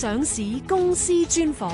上市公司專訪。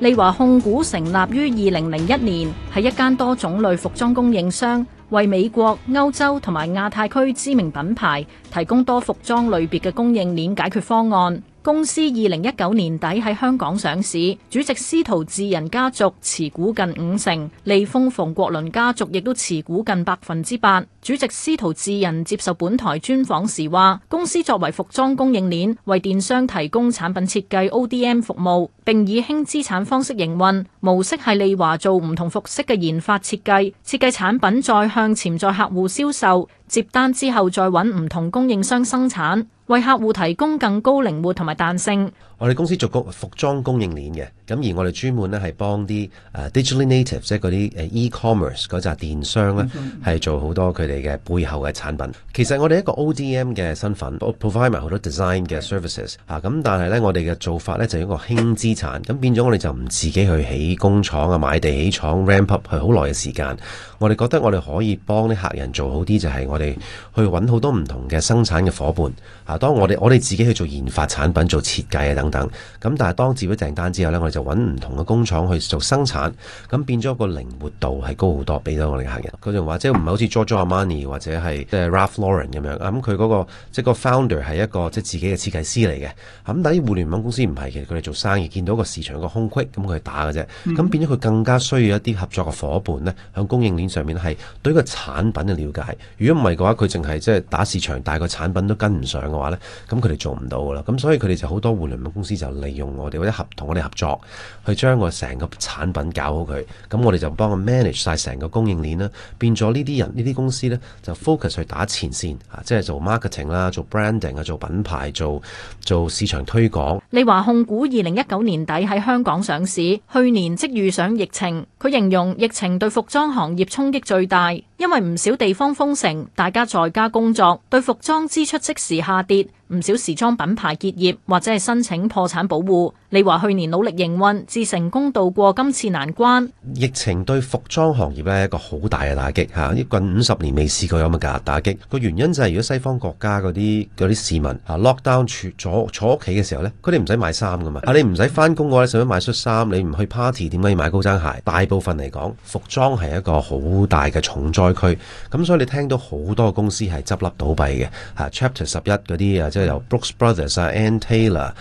利華控股成立於二零零一年，係一間多種類服裝供應商，為美國、歐洲同埋亞太區知名品牌提供多服裝類別嘅供應鏈解決方案。公司二零一九年底喺香港上市，主席司徒志仁家族持股近五成，利豐馮國綸家族亦都持股近百分之八。主席司徒志仁接受本台專訪時話，公司作為服裝供應鏈，為電商提供產品設計 O D M 服務，並以輕資產方式營運。模式係利華做唔同服飾嘅研發設計，設計產品再向潛在客戶銷售，接單之後再揾唔同供應商生產。為客戶提供更高靈活同埋彈性。我哋公司做個服裝供應鏈嘅，咁而我哋專門咧係幫啲誒 digital native，即係嗰啲 e-commerce 嗰扎電商咧，係、嗯、做好多佢哋嘅背後嘅產品。其實我哋一個 ODM 嘅身份，我 provide 埋好多 design 嘅 services 嚇、嗯。咁但係咧，我哋嘅做法咧就一個輕資產，咁變咗我哋就唔自己去起工廠啊，買地起廠，ramp up 去好耐嘅時間。我哋覺得我哋可以幫啲客人做好啲，就係、是、我哋去揾好多唔同嘅生產嘅伙伴。嚇、啊，當我哋我哋自己去做研發產品、做設計啊等。等咁，但係當接咗訂單之後呢，我哋就揾唔同嘅工廠去做生產，咁變咗個靈活度係高好多，俾到我哋客人。佢仲話即係唔係好似 Giorgio Armani 或者係 Ralph Lauren 咁樣？咁佢嗰個即係、就是、個 founder 係一個即係、就是、自己嘅設計師嚟嘅。咁但係互聯網公司唔係，其實佢哋做生意見到個市場個空隙，咁佢打嘅啫。咁變咗佢更加需要一啲合作嘅伙伴呢，響供應鏈上面咧係對個產品嘅了解。如果唔係嘅話，佢淨係即係打市場，但係個產品都跟唔上嘅話呢，咁佢哋做唔到噶啦。咁所以佢哋就好多互聯網公。公司就利用我哋或者合同我哋合作，去將我哋成個產品搞好佢，咁我哋就幫佢 manage 晒成個供應鏈啦。變咗呢啲人、呢啲公司咧，就 focus 去打前線，啊，即係做 marketing 啦、做 branding 啊、做品牌、做做市場推廣。利華控股二零一九年底喺香港上市，去年即遇上疫情，佢形容疫情對服裝行業衝擊最大。因為唔少地方封城，大家在家工作，對服裝支出即時下跌，唔少時裝品牌結業，或者係申請破產保護。你話去年努力營運，至成功度過今次難關。疫情對服裝行業咧一個好大嘅打擊吓，近五十年未試過有咁嘅打打擊。個原因就係如果西方國家嗰啲啲市民啊 lock down 住坐坐屋企嘅時候咧，佢哋唔使買衫噶嘛。啊，你唔使翻工嘅話，你想唔想買恤衫？你唔去 party，點可以買高踭鞋？大部分嚟講，服裝係一個好大嘅重災區。咁所以你聽到好多公司係執笠倒閉嘅吓，Chapter 十一嗰啲啊，即係、就是、由 Brooks Brothers 啊、Ann Taylor、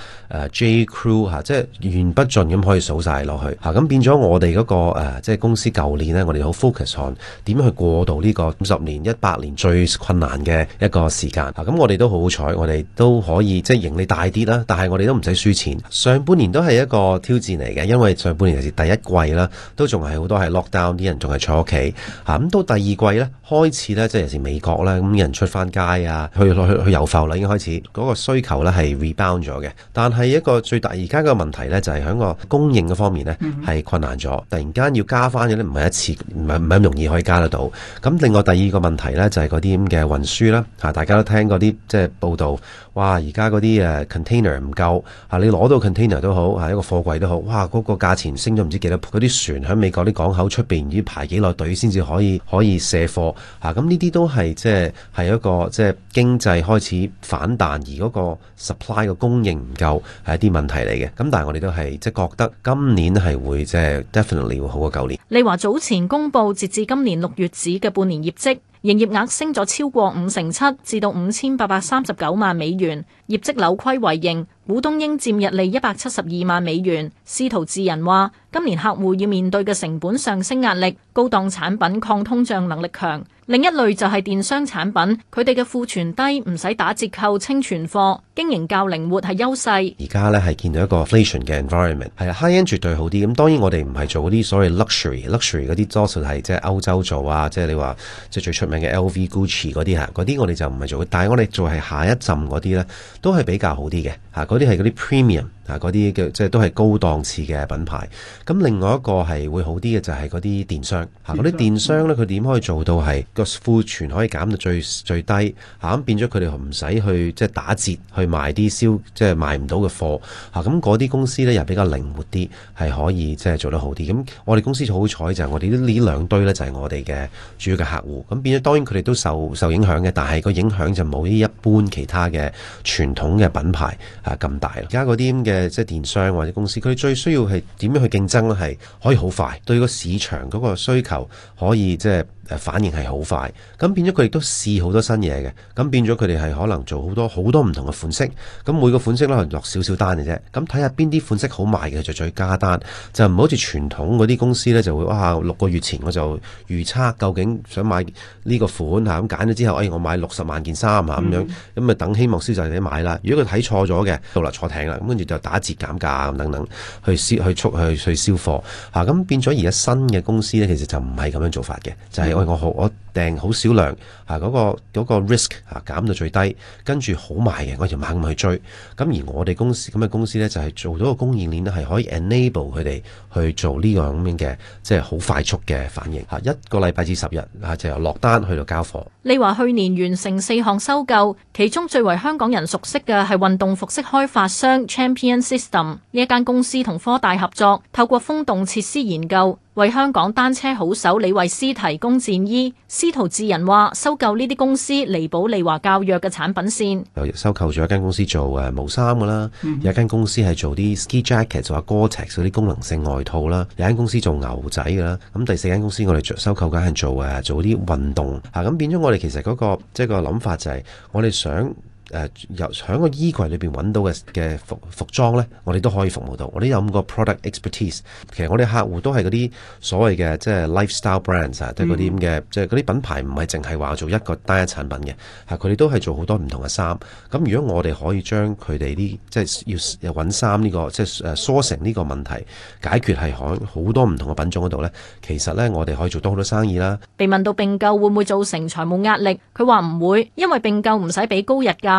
誒 J Crew 即係源源不盡咁可以數晒落去咁變咗我哋嗰個即係公司舊年呢，我哋好 focus on 點去過渡呢個五十年、一百年最困難嘅一個時間。咁我哋都好好彩，我哋都可以即係盈利大啲啦。但係我哋都唔使輸錢。上半年都係一個挑戰嚟嘅，因為上半年尤其是第一季啦，都仲係好多係 lockdown，啲人仲係坐屋企。咁到第二季呢，開始呢，即係尤其是美國啦，咁人出返街啊，去去去遊埠啦，已經開始嗰個需求呢係 rebound 咗嘅。但係一個最大而家嘅。個問題呢，就係喺個供應方面呢，係困難咗，突然間要加翻嗰呢唔係一次，唔係唔係咁容易可以加得到。咁另外第二個問題呢，就係嗰啲咁嘅運輸啦，嚇大家都聽嗰啲即係報道，哇！而家嗰啲誒 container 唔夠，嚇你攞到 container 都好，嚇一個貨櫃都好，哇！嗰個價錢升咗唔知幾多，嗰啲船喺美國啲港口出邊要排幾耐隊先至可以可以卸貨，嚇咁呢啲都係即係係一個即係經濟開始反彈，而嗰個 supply 嘅供應唔夠係一啲問題嚟嘅。咁但係我哋都係即係覺得今年係會即係 definitely 會好過舊年。利華早前公布截至今年六月止嘅半年業績，營業額升咗超過五成七，至到五千八百三十九萬美元，業績扭虧為盈，股東應占溢利一百七十二萬美元。司徒志仁話。今年客戶要面對嘅成本上升壓力，高檔產品抗通脹能力強。另一類就係電商產品，佢哋嘅庫存低，唔使打折扣清存貨，經營較靈活係優勢。而家呢，係見到一個 inflation 嘅 environment，係啊，high end 絕對好啲。咁當然我哋唔係做嗰啲所謂 luxury，luxury 嗰啲多數係即係歐洲做啊，即係你話即係最出名嘅 LV、Gucci 嗰啲嚇，嗰啲我哋就唔係做。但係我哋做係下一層嗰啲呢，都係比較好啲嘅嚇，嗰啲係嗰啲 premium。啊！嗰啲嘅即係都係高檔次嘅品牌。咁另外一個係會好啲嘅就係嗰啲電商。吓，嗰啲電商咧，佢點可以做到係個庫存可以減到最最低？吓、啊，咁變咗佢哋唔使去即係打折去賣啲銷即係賣唔到嘅貨吓，咁嗰啲公司咧又比較靈活啲，係可以即係做得好啲。咁我哋公司好彩就係我哋呢兩堆咧就係我哋嘅主要嘅客戶。咁變咗當然佢哋都受受影響嘅，但係個影響就冇呢一般其他嘅傳統嘅品牌啊咁大。而家嗰啲咁嘅。即係電商或者公司，佢最需要係點樣去競爭咧？係可以好快對個市場嗰個需求可以即係誒反應係好快。咁變咗佢亦都試好多新嘢嘅。咁變咗佢哋係可能做好多好多唔同嘅款式。咁每個款式可能落少少單嘅啫。咁睇下邊啲款式好賣嘅，就再加單，就唔好似傳統嗰啲公司呢，就會哇，六個月前我就預測究竟想買呢個款嚇，咁揀咗之後，哎我買六十萬件衫嚇，咁樣咁咪等希望銷售你買啦。如果佢睇錯咗嘅，到喇坐艇啦，咁跟住就打折減價咁等等，去去促去去銷貨。咁變咗而家新嘅公司呢，其實就唔係咁樣做法嘅，就係我我我訂好少量嗰個嗰個 risk 嚇，減到最低，跟住好賣嘅，我就猛咁去追。咁而我哋公司咁嘅公司呢，就係做咗個供應鏈，係可以 enable 佢哋去做呢個咁樣嘅，即係好快速嘅反應，一個禮拜至十日啊，就由落單去到交貨。你話去年完成四項收購，其中最為香港人熟悉嘅係運動服飾開發商 Champion。System 呢一間公司同科大合作，透過風洞設施研究，為香港單車好手李慧詩提供戰衣。司徒志仁話：收購呢啲公司，彌補利華較弱嘅產品線。又收購咗一間公司做誒毛衫噶啦，有一間公司係做啲 ski jacket，做下 Gore-Tex 嗰啲功能性外套啦，有間公司做牛仔噶啦。咁第四間公司我哋做收購緊係做誒做啲運動吓，咁、啊、變咗我哋其實嗰、那個即係、就是、個諗法就係我哋想。誒由喺個衣櫃裏邊揾到嘅嘅服服裝咧，我哋都可以服務到。我哋有咁個 product expertise。其實我哋客戶都係嗰啲所謂嘅即係 lifestyle brands 啊，即係嗰啲咁嘅，即係嗰啲品牌唔係淨係話做一個單一產品嘅，佢哋都係做好多唔同嘅衫。咁如果我哋可以將佢哋啲即係要又揾衫呢個即係誒 sourcing 呢個問題解決係好好多唔同嘅品種嗰度咧，其實咧我哋可以做多好多生意啦。被問到並購會唔會造成財務壓力，佢話唔會，因為並購唔使俾高溢價。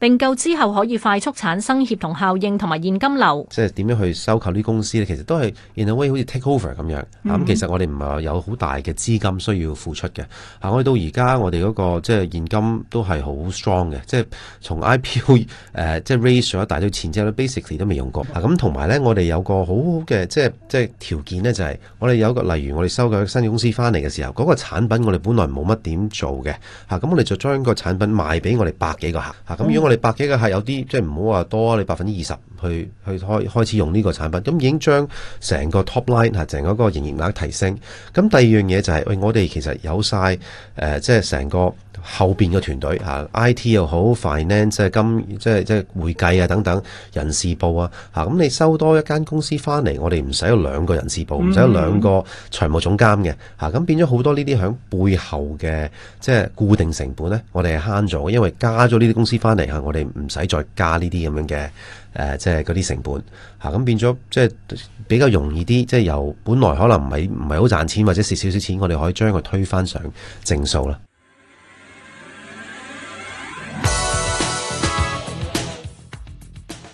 並購之後可以快速產生協同效應同埋現金流，即係點樣去收購啲公司咧？其實都係 in a way 好似 takeover 咁樣，咁、mm -hmm. 其實我哋唔係話有好大嘅資金需要付出嘅、啊。我哋到而家，我哋嗰、那個即係現金都係好 strong 嘅，即係從 IPO 誒、呃、即係 raise 咗一大堆錢之後咧，basically 都未用過。咁同埋咧，我哋有個好好嘅即係即係條件咧，就係、是、我哋有個例如我哋收購一新嘅公司翻嚟嘅時候，嗰、那個產品我哋本來冇乜點做嘅，嚇、啊、咁我哋就將個產品賣俾我哋百幾個客，嚇、啊、咁、嗯我哋百幾個係有啲，即係唔好話多，你百分之二十。去去開，開始用呢個產品，咁已經將成個 top line 成個嗰個營業額提升。咁第二樣嘢就係、是，喂，我哋其實有晒，即係成個後面嘅團隊、啊、IT 又好，finance 即係金，即係即係會計啊等等人事部啊嚇。咁、啊、你收多一間公司翻嚟，我哋唔使有兩個人事部，唔使有兩個財務總監嘅嚇。咁、啊、變咗好多呢啲響背後嘅即係固定成本呢，我哋係慳咗，因為加咗呢啲公司翻嚟、啊、我哋唔使再加呢啲咁樣嘅。誒，即係嗰啲成本吓，咁變咗即係比較容易啲，即係由本來可能唔係唔係好賺錢或者蝕少，少少錢，我哋可以將佢推翻上正數啦。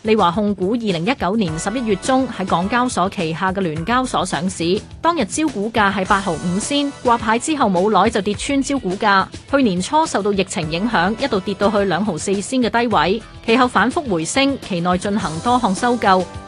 利華控股二零一九年十一月中喺港交所旗下嘅聯交所上市，當日招股價係八毫五仙，掛牌之後冇耐就跌穿招股價。去年初受到疫情影響，一度跌到去兩毫四仙嘅低位，其後反覆回升，期內進行多項收購。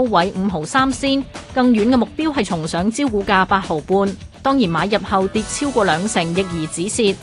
高位五毫三仙，更遠嘅目標係重上招股價八毫半。當然買入後跌超過兩成，亦而止蝕。